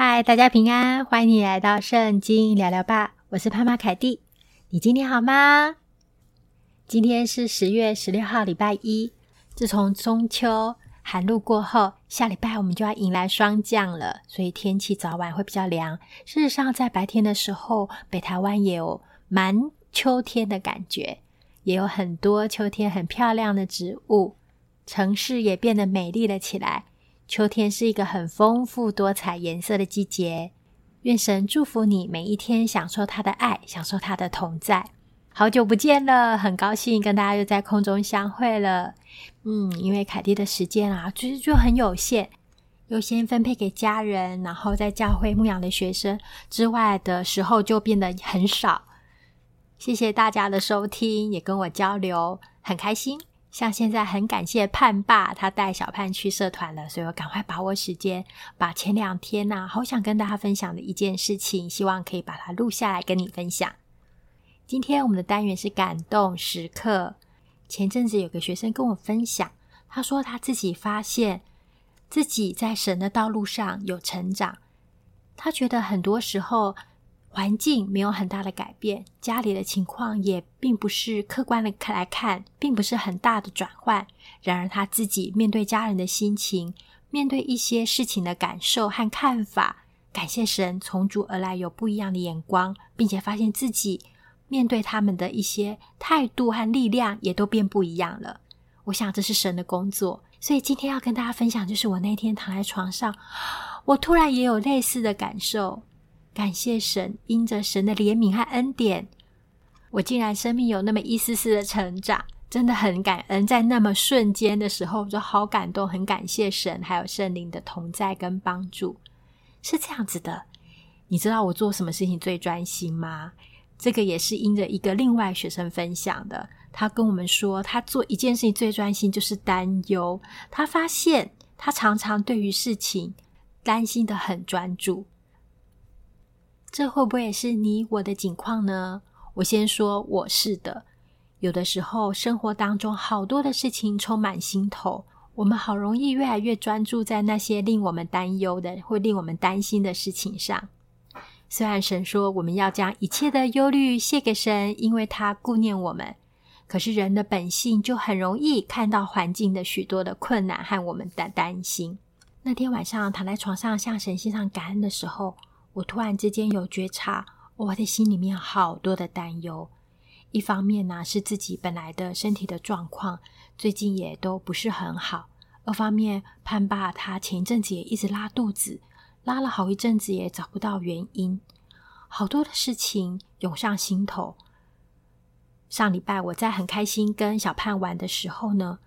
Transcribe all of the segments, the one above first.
嗨，Hi, 大家平安，歡迎你來到聖經聊聊吧，我是潘媽凱蒂。你今天好嗎？今天是十月十六號，禮拜一。自從中秋寒露過後，下禮拜我們就要迎來霜降了，所以天氣早晚會比較涼。事實上，在白天的時候，北台灣也有蠻秋天的感覺，也有很多秋天很漂亮的植物，城市也變得美麗了起來。秋天是一個很豐富多彩顏色的季節，願神祝福你每一天，享受他的愛，享受他的同在。好久不見了，很高興跟大家又在空中相會了。嗯，因為凱蒂的時間啊，其實就很有限，優先分配給家人，然後在教會牧養的學生之外的時候，就變得很少。謝謝大家的收聽，也跟我交流，很開心。像現在很感謝盼爸，他帶小盼去社團了，所以我趕快把握時間，把前兩天啊好想跟大家分享的一件事情，希望可以把它錄下來跟你分享。今天我們的單元是感動時刻。前陣子有個學生跟我分享，他說他自己發現自己在神的道路上有成長，他覺得很多時候。環境沒有很大的改變，家裡的情況也並不是客觀的來看，並不是很大的轉換。然而他自己面對家人的心情，面對一些事情的感受和看法，感謝神從主而來有不一樣的眼光，並且發現自己面對他們的一些態度和力量也都變不一樣了。我想這是神的工作，所以今天要跟大家分享，就是我那天躺在床上，我突然也有類似的感受。感謝神，因着神的憐憫和恩典，我竟然生命有那麼一絲絲的成長，真的很感恩。在那麼瞬間的時候，我就好感動，很感謝神還有聖靈的同在跟幫助，是這樣子的。你知道我做什麼事情最專心嗎？這個也是因着一個另外學生分享的，他跟我們說，他做一件事情最專心就是擔憂。他發現他常常對於事情擔心得很專注。這會不會也是你我的境況呢？我先說我是的。有的時候，生活當中好多的事情充滿心頭，我們好容易越來越專注在那些令我們擔憂的、會令我們擔心的事情上。雖然神說我們要將一切的憂慮卸給神，因為他顧念我們，可是人的本性就很容易看到環境的許多的困難和我們的擔心。那天晚上躺在床上向神獻上感恩的時候，我突然之間有覺察，我的心裡面好多的擔憂。一方面呢，是自己本來的身體的狀況最近也都不是很好；二方面，潘爸他前一陣子也一直拉肚子，拉了好一陣子也找不到原因。好多的事情湧上心頭。上禮拜我在很開心跟小潘玩的時候呢，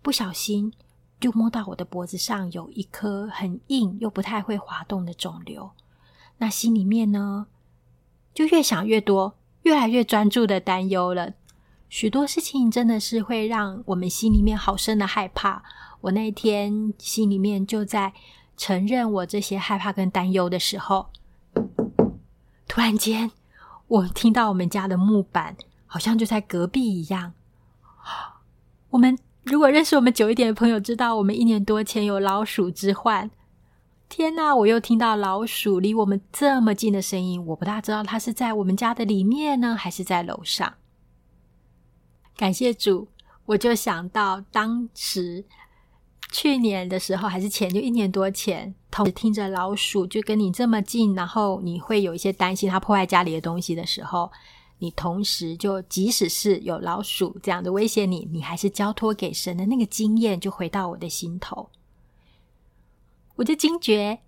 不小心就摸到我的脖子上有一顆很硬又不太會滑動的腫瘤。那心裡面呢，就越想越多，越來越專注的擔憂了。許多事情真的是會讓我們心裡面好深的害怕。我那一天心裡面就在承認我這些害怕跟擔憂的時候，突然間，我聽到我們家的木板好像就在隔壁一樣。我們如果認識我們久一點的朋友，知道我們一年多前有老鼠之患。天哪、啊！我又聽到老鼠離我們這麼近的聲音，我不大知道它是在我們家的裡面呢，還是在樓上。感謝主，我就想到當時去年的時候，還是前就一年多前，同時聽着老鼠就跟你這麼近，然後你會有一些擔心它破壞家裡的東西的時候，你同時就即使是有老鼠這樣的威脅你，你還是交托給神的那個經驗就回到我的心頭。我就驚覺，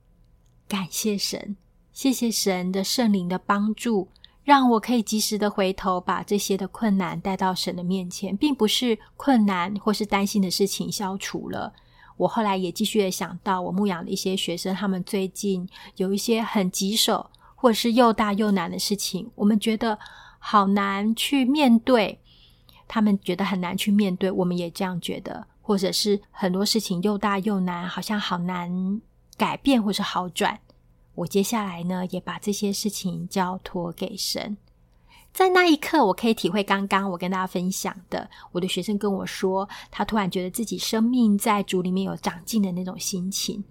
感謝神，謝謝神的聖靈的幫助，讓我可以及時的回頭，把這些的困難帶到神的面前，並不是困難或是擔心的事情消除了。我後來也繼續的想到，我牧養的一些學生，他們最近有一些很棘手或者是又大又難的事情，我們覺得好難去面對，他們覺得很難去面對，我們也這樣覺得。或者是很多事情又大又難，好像好難改變或是好轉。我接下來呢，也把這些事情交托給神。在那一刻，我可以體會剛剛我跟大家分享的，我的學生跟我說，他突然覺得自己生命在主裡面有長進的那種心情。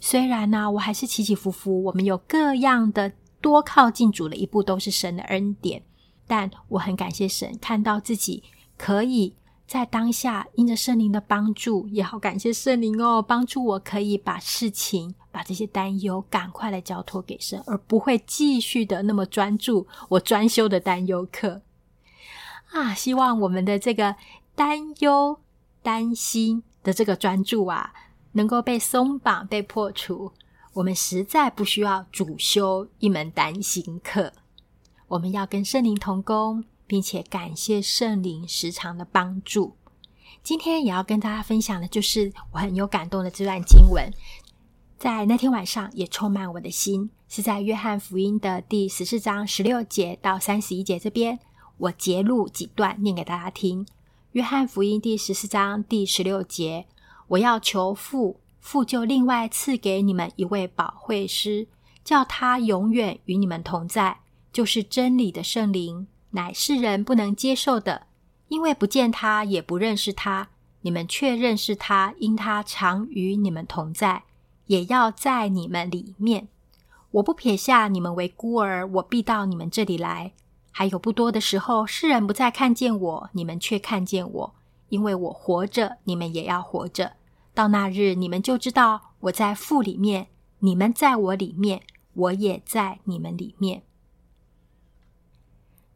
雖然呢、啊，我還是起起伏伏，我們有各樣的多靠近主的一步都是神的恩典，但我很感謝神，看到自己可以。在當下，因着聖靈的幫助，也好感謝聖靈哦，幫助我可以把事情、把這些擔憂，趕快的交托給神，而不會繼續的那麼專注我專修的擔憂課。啊，希望我們的這個擔憂、擔心的這個專注啊，能夠被鬆綁、被破除。我們實在不需要主修一門擔心課，我們要跟聖靈同工。並且感謝聖靈時常的幫助。今天也要跟大家分享的，就是我很有感動的這段經文，在那天晚上也充滿我的心，是在約翰福音的第十四章十六節到三十一節這邊。我截錄幾段念給大家聽。約翰福音第十四章第十六節：“我要求父，父就另外賜給你們一位保惠師，叫他永遠與你們同在，就是真理的聖靈。”乃世人不能接受的，因為不見他，也不認識他。你們卻認識他，因他常與你們同在，也要在你們裡面。我不撇下你們為孤兒，我必到你們這裡來。還有不多的時候，世人不再看見我，你們卻看見我，因為我活着，你們也要活着。到那日，你們就知道我在父裡面，你們在我裡面，我也在你們裡面。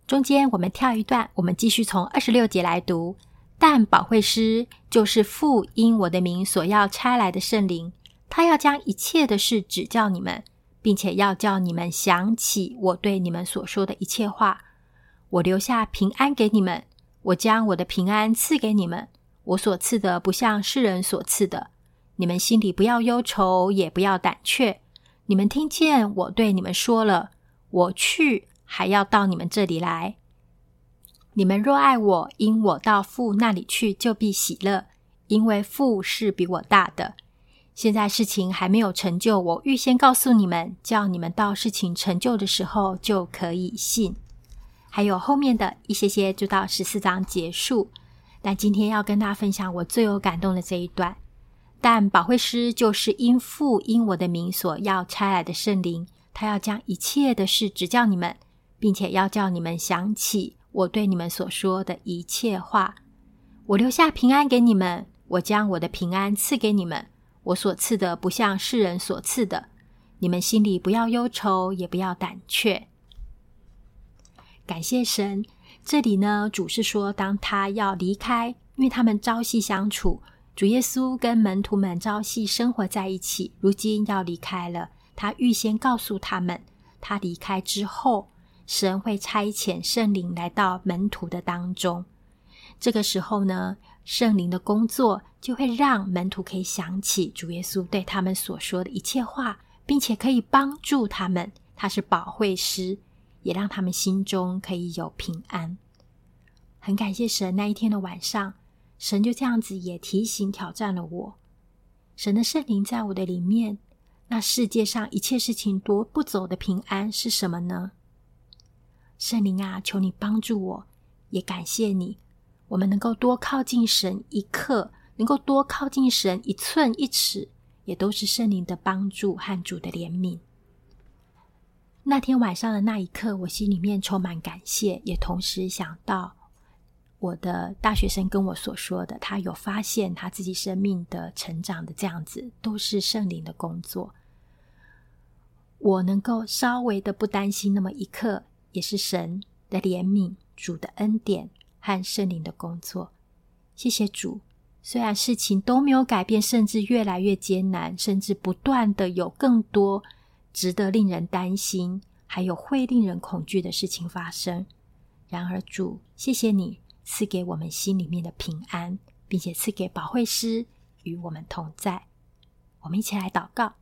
中間我們跳一段，我們繼續從二十六節來讀。但保惠師就是父因我的名所要差來的聖靈，他要將一切的事指教你們，並且要叫你們想起我對你們所說的一切話。我留下平安給你們，我將我的平安賜給你們。我所賜的不像世人所賜的。你們心裡不要憂愁，也不要膽怯。你們聽見我對你們說了，我去。還要到你們這裡來。你們若愛我，因我到父那裡去，就必喜樂，因為父是比我大的。現在事情還沒有成就，我預先告訴你們，叫你們到事情成就的時候就可以信。還有後面的一些些，就到十四章結束。但今天要跟大家分享我最有感動的這一段。但保惠師就是因父因我的名所要差來的聖靈，他要將一切的事指教你們。並且要叫你們想起我對你們所說的一切話。我留下平安給你們，我將我的平安賜給你們。我所賜的不像世人所賜的。你們心裡不要憂愁，也不要膽怯。感謝神。這裡呢，主是說，當他要離開，因為他們朝夕相處，主耶穌跟門徒們朝夕生活在一起，如今要離開了，他預先告訴他們，他離開之後。神會差遣聖靈來到門徒的當中。這個時候呢，聖靈的工作就會讓門徒可以想起主耶穌對他們所說的一切話，並且可以幫助他們。他是保惠師，也讓他們心中可以有平安。很感謝神，那一天的晚上，神就這樣子也提醒挑戰了我。神的聖靈在我的裡面。那世界上一切事情奪不走的平安是什麼呢？聖靈啊，求你幫助我，也感謝你，我們能夠多靠近神一刻，能夠多靠近神一寸一尺，也都是聖靈的幫助和主的憐憫。那天晚上的那一刻，我心裡面充滿感謝，也同時想到我的大學生跟我所說的，他有發現他自己生命的成長的這樣子，都是聖靈的工作。我能夠稍微的不擔心那麼一刻。也是神的憐憫、主的恩典和聖靈的工作。謝謝主，雖然事情都沒有改變，甚至越來越艱難，甚至不斷的有更多值得令人擔心，還有會令人恐懼的事情發生。然而主，主謝謝你賜給我們心裡面的平安，並且賜給保惠師與我們同在。我們一起來禱告，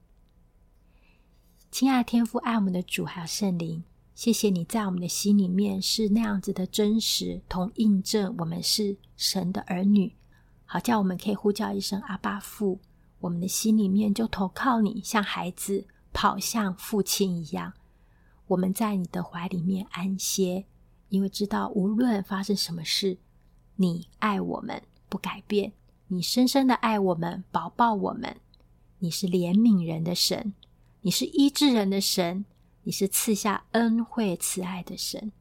親愛天父，愛我們的主還有聖靈。謝謝你在我們的心裡面是那樣子的真實，同印證，我們是神的兒女。好，叫我們可以呼叫一聲阿爸父，我們的心裡面就投靠你，像孩子跑向父親一樣。我們在你的懷裡面安歇，因為知道無論發生什麼事，你愛我們不改變，你深深的愛我們，保抱我們。你是憐憫人的神，你是醫治人的神。你是賜下恩惠慈愛的神，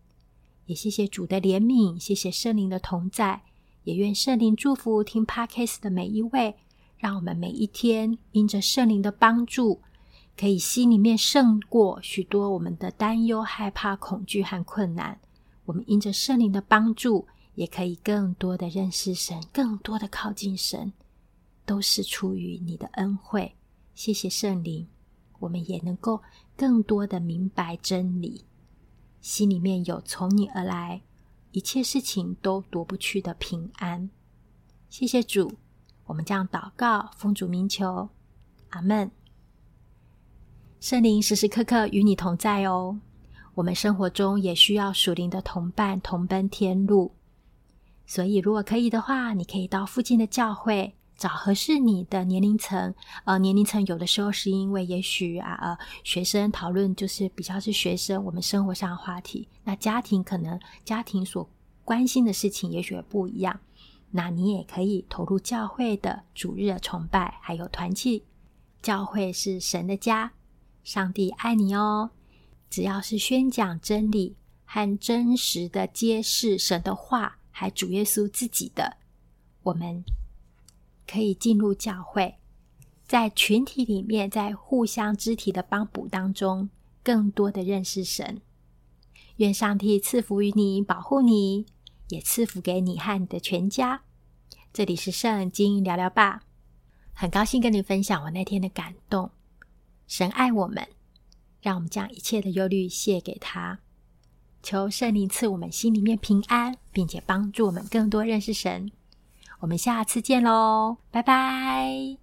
也謝謝主的憐憫，謝謝聖靈的同在，也願聖靈祝福聽 Podcast 的每一位。讓我們每一天因着聖靈的幫助，可以心裡面勝過許多我們的擔憂、害怕、恐懼和困難。我們因着聖靈的幫助，也可以更多的認識神，更多的靠近神，都是出於你的恩惠。謝謝聖靈。我們也能夠更多的明白真理，心裡面有從你而來，一切事情都奪不去的平安。謝謝主，我們這樣禱告、奉主名求，阿門。聖靈時時刻刻與你同在哦。我們生活中也需要屬靈的同伴同奔天路，所以如果可以的話，你可以到附近的教會。找合適你的年齡層，呃，年齡層有的時候是因為，也許啊，呃，學生討論就是比較是學生我們生活上的話題，那家庭可能家庭所關心的事情也許也不一樣，那你也可以投入教會的主日的崇拜，還有團契。教會是神的家，上帝愛你哦。只要是宣講真理和真實的揭示神的話，還主耶穌自己的，我們。可以進入教會，在群體裡面，在互相肢體的幫補當中，更多的認識神。願上帝賜福於你，保護你，也賜福給你和你的全家。這裡是聖經聊聊吧，很高興跟你分享我那天的感動。神愛我們，讓我們將一切的憂慮卸給他，求聖靈賜我們心裡面平安，並且幫助我們更多認識神。我們下次見嘍，拜拜。